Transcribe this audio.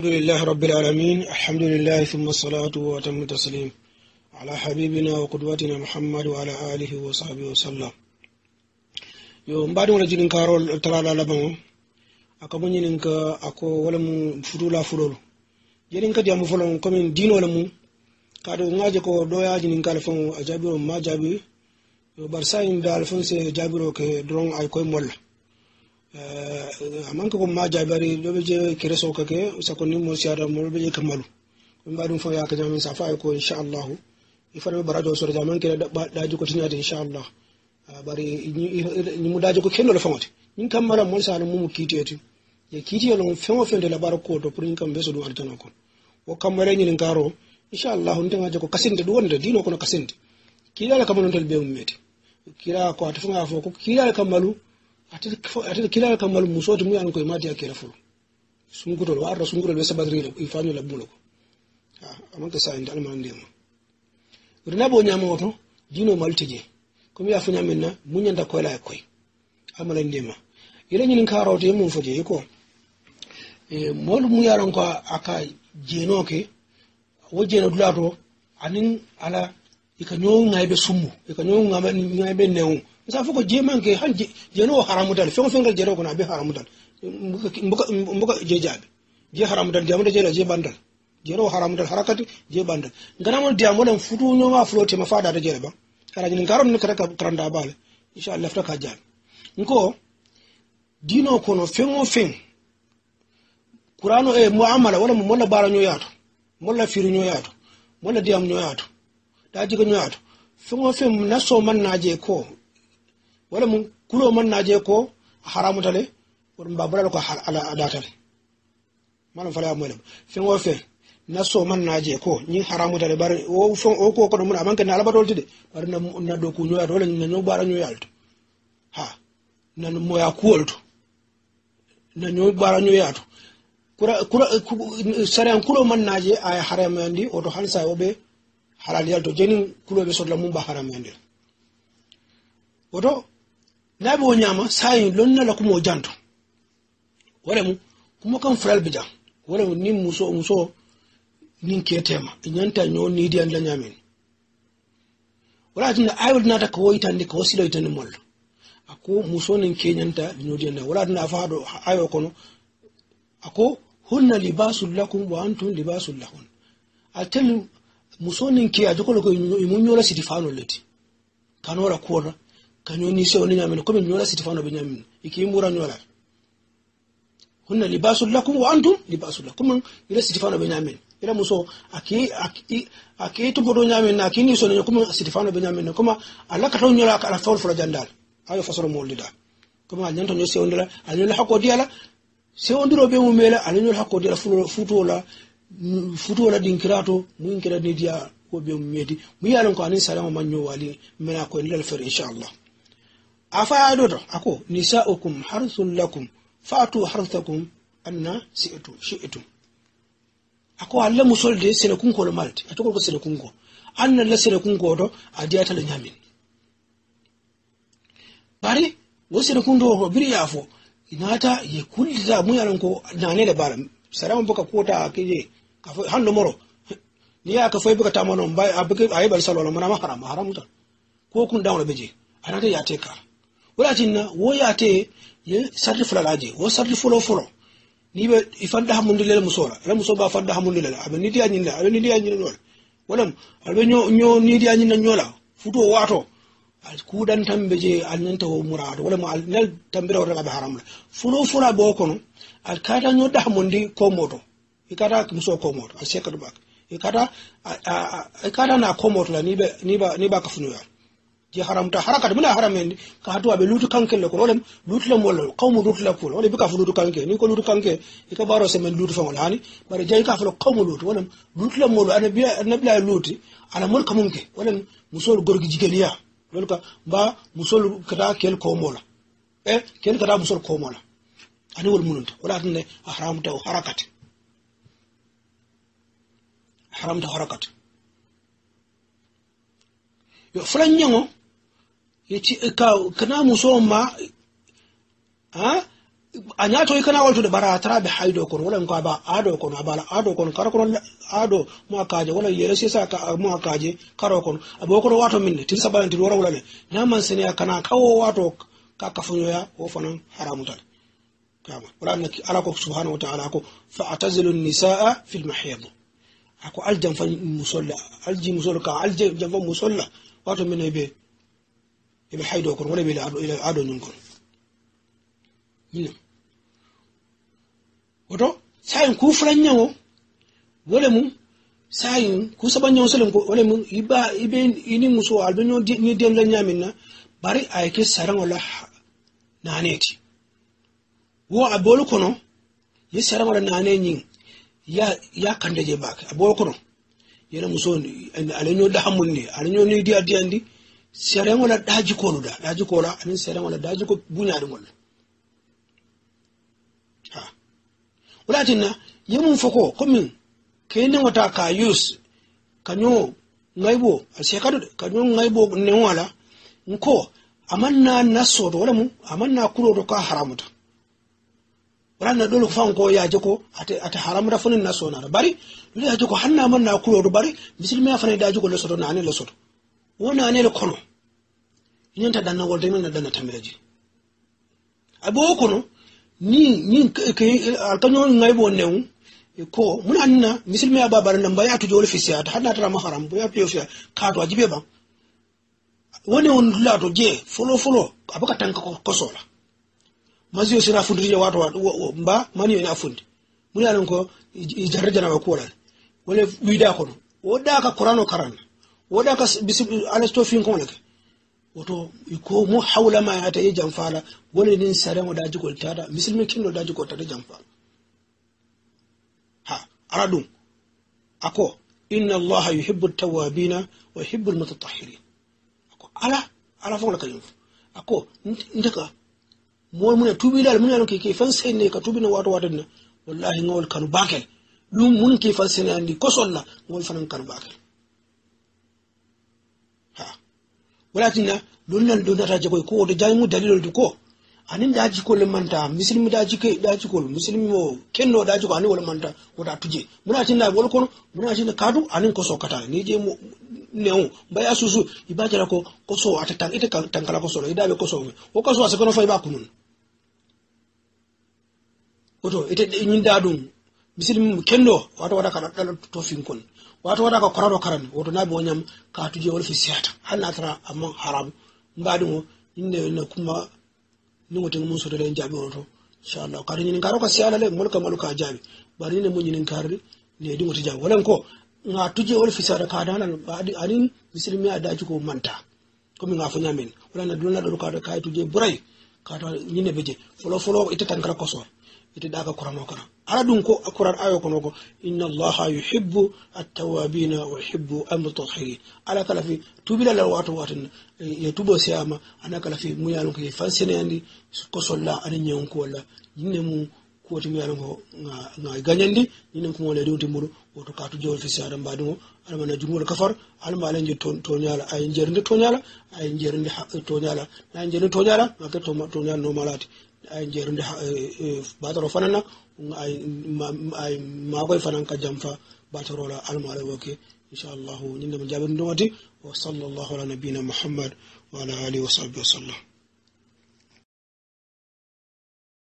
الحمد لله رب العالمين الحمد لله ثم الصلاة وتم التسليم على حبيبنا وقدوتنا محمد وعلى آله وصحبه وسلم يوم بعد ولا جين كارو ترى لا لبعو أكمن جين ك أكو ولا مو فرولا فرول جين كدي أم فلون كمين دين ولا مو كارو ناجي كو دويا جين كالفون أجابي وما جابي يوم برسا برساين دالفون سي جابيرو كدرون أي كوي مولا Eh, amanka ko ma jabari lobe je kere soka ke sakoni mo siara mo lobe je kamalu ba badum fo ya kaja min safa ko insha Allah ifara be barajo sura jami kere da ji ko tinade insha Allah ah, bari ni mu daji ko kendo la famati nin mara mo sa mu kitiyati ye kitiyo lon fengo fende la bar ko to pour nin kam beso du altana ko o mara ni ngaro insha Allah on tanga ko kasinde du wonde dino kono kasinde kila la kamanon tel be ummeti kila ko atfunga fo ko kila la kamalu atati kilala kammal musoti mu yani koye matiya kere fulu sunkutol wa arra sunkutol ɓe sabatiriɗo ifaño labbulo ko amanke sayinde almana ndema rinaɓe o ñama oto dino maltije comme ya fo ñamen na muñanta koyla e koye amala ndema ila ñinin karawte ye mum foje ko moolu mu yaron ko aka jeeno ke wo jeeno dulato anin ala ika ñoo ŋayɓe summu ika sa foko jeman ke han jeno haramudal fengo fengal jeno gona be dal mbuka je jabe je haramu dal jamu je bandal haramu dal harakati je bandal ganamon diamodan futu ma flote ma fada da je ba kala ni ngaron ni kara karanda bale insha Allah ta ka jabe nko dino kono fengo feng qur'ano e muamala wala mo molla bara nyoyato molla firu mo la diam yato da jiga nyoyato fengo feng na so man je ko wala mun kulo man naje ko haramu tale wala ba bura ko ala adatal malam fala mo lam fin wo fe na so man naje ko ni haramu tale bar wo fon o ko ko mun amanka na alba dolti de bar na na do ku nyoya wala na nyoba ra nyoya alto ha na no moya ku alto na nyoba ra nyoya to kura kura sare an kulo man naje ay haramu ndi o to hansa obe halal yalto jenin kulo be so la mun ba haramu ndi woto laabi wo ñaama saayiŋ lonna la kumoo janto wo lemu kuma kaŋ fural bija wo lemu niŋ muso muso niŋ keeteema i ñanta ñoo diyan la ñaamiŋ wala tinna ayol ta ka wo yitandi ka wo silo ni mwallo a ko muso niŋ ta ñanta diyan la wala da a faa do ayo kono a ko hunna libasu lakun wa libasu lakun a atelu muso niŋ ke a jokolo ko imu yola sidi fa faanol le ti kanoo ni se oni nyamin komin nyola si tifano be nyamin iki mura nyola hunna libasul lakum wa antum libasul lakum ila si tifano be nyamin ila muso aki aki aki to nyamin na kini so ne kuma si tifano be nyamin kuma alaka to nyola ka alfa fura jandal ayo fasoro molida kuma nyanto nyose onila anyola hakodi ala se ondiro be mumela anyola hakodi ala futola futola dinkirato muinkira ne dia ko be mu yalan ko anin salama manyo wali mena ko ndal fer inshallah afadar ako nisa'ukum harsun lakum fatu harsakum anna si'tu shi'tu ako alla de sele kun ko malti ato ko sele kunko anna la sele kunko do adiya la nyamin bari wo sele do ho biri yafo inata ye kulza mu yaran ko nane da bara sarama buka kota kije fa hando moro ni ya kafo buka bai abuke ayi bar salwala mana haram haram ko kun dawo beje anata ya teka walatinna wo yate ye sarri fulalaje wo sarri folo folo ni be ifanda hamundi lele musola ala muso ba fanda hamundi lele abe nidi anyin la abe nidi anyin wala walam abe nyo nyo nidi anyin nyola futo wato al kudan tambe je al nanta wo murado walam al nal tambira wala be haram la folo folo be kono al kata nyo da hamundi ko moto ikata muso ko moto al sekadu bak ikata ikata na ko moto la ni be ni ba ni ba kafunuya je haramta haraka muna haramen ka hatuwa be lutu kanke le ko olem lutu le mol qawmu lutu la kul olem bika fu lutu kanke ni ko lutu kanke e ka baro semen lutu fa wala ni bare jey ka fa qawmu lutu wala lutu le mol ana biya ana biya lutu ana mol kamun ke wala musol gorgi jigeliya lolu ka ba musol kata kel ko mola e kel kata musol ko mola ani wol mununta wala tan ne haramta harakat haramta harakat yo fulan nyango yace eh, kana muso ma ha anya to kana wato da tara bi haido kun wala ko ba ado ba abala ado kun kar kon ado mu akaje wala yele sai sa ka mu akaje karo kun abo kon wato min tin saban tin wala wala ne na man sani kana kawo wato ka kafin ya ko fanan haramuta kama wala annaki ala ko subhanahu wa ta'ala ko fa atazilu nisaa fil mahyad ako aljan fa musalla alji musalla ka aljan fa musalla wato min be ibi haido kon wala bele ado nin kun minam wato sayin ku yawo wole mu sayin ku sabanñawo selen ko wole mu iba ibe ini muso albino ni ñi demla ñamin na bari wala na ne naneti wo a bolu kono ni wala na ne ñin ya ya kandaje ba a bolu kono yana muso ale ño dahamun ni ale ño ni diya diyandi sere wala daji ko nuda daji ko la anin sere wala daji ko bunya din wala ha wala tinna yemun foko komin kayin wata ka yus kanyo ngaibo asekadu kanyo ngaibo ne wala nko amanna naso do wala mu amanna kuro do ka haramuta wala na dole fa ko ya jiko ata ata haramuta funin naso na bari dole ya jiko hanna manna kuro do bari muslimi ya fane da jiko lesoto na ne lesoto wona anele kono ñanta danna da men na ji, a bawa kono ni ni na ngay bo new ko mun anna misil ya babara nan baya tujo wol fisiya ta hada tara maharam baya piyo fiya ka to ajibe ba wani on la to je folo folo abaka tanka ko sola maziyo sira fundiri wato mba mani yo na fundi mun anan ko jarra jana ko wala wala wida kono da ka qur'ano karana woɗa ka wato iko mu haula ma hawlama yi ye wani woni nin mu da kwalta da musulmi kin da kwalta da jamfa ha ala ako inna allah yuhibbu tawabina wa yuhibbu lmutatahirin ako ala ala fa kañum fo ako mun mol mune mun munealon keke fan ne ka tuɓina wato watatna wallahi gawol kanu bakel ɗum mun ke fan ne andi kosolla gawol fanan kanu bakel walatinna lonnal ta jagoy ko da jami'u dalilol to ko da daji ko manta muslim daji ke daji ko muslim o kenno daji ko anin wol manta ko da tuje muna tinna wol kono muna tinna kadu anin ko sokata ni je mu ba ya susu ibajara ko ko so atatan ita kala ko so ida be ko so o ko so ase kono fay ba kunun oto ita nyin dadum muslim kenno wata wata kada to fin kon wato wada ka do karan wato na bo nyam ka tuje wol fi siyata hanna tara amma haram mbadi inda yi na kuma ni wotin mun sodo len jabi woto insha Allah ka nyin karo ka siyala le mulka mulka jabi bari ne mun nyin karri ne dingo to jabi walan ko nga tuje wol fi siyata ka dana di anin muslimi daji ko manta ko mi nga fanya men wala na dulna do ka ka tuje burai ka ta nyin ne beje folo folo ita tankara koso ita daga kuramo kara ala ɗum ko alquran ayo kono ko inna allaha yuhibbu attawabina wa yuhibbu almutahirin ala kala fi tubilala wato watin ye tubo siyama ana kala fi muyalon ko ye fanseneyandi ko solla ana ñewon ko walla yinne mum kuwoti mbiyanango ga gañandi ɗinen ko mole rewti muɗum woto ka to jawol fisi aɗa mbaɗi ngo aɗa mana jumol kafar aɗa mbaɗa je toñala ay jerinde toñala ay jerinde toñala ay jerinde toñala make toñala nomalati ay jerinde e, e, batoro fanana ay makoye fanan ka jam fa batorola almala woke inchallahu ñindema jaɓiri ndogati wa sallllahu ala nabina mouhammad wa ala alihi wa sahbi wa sallam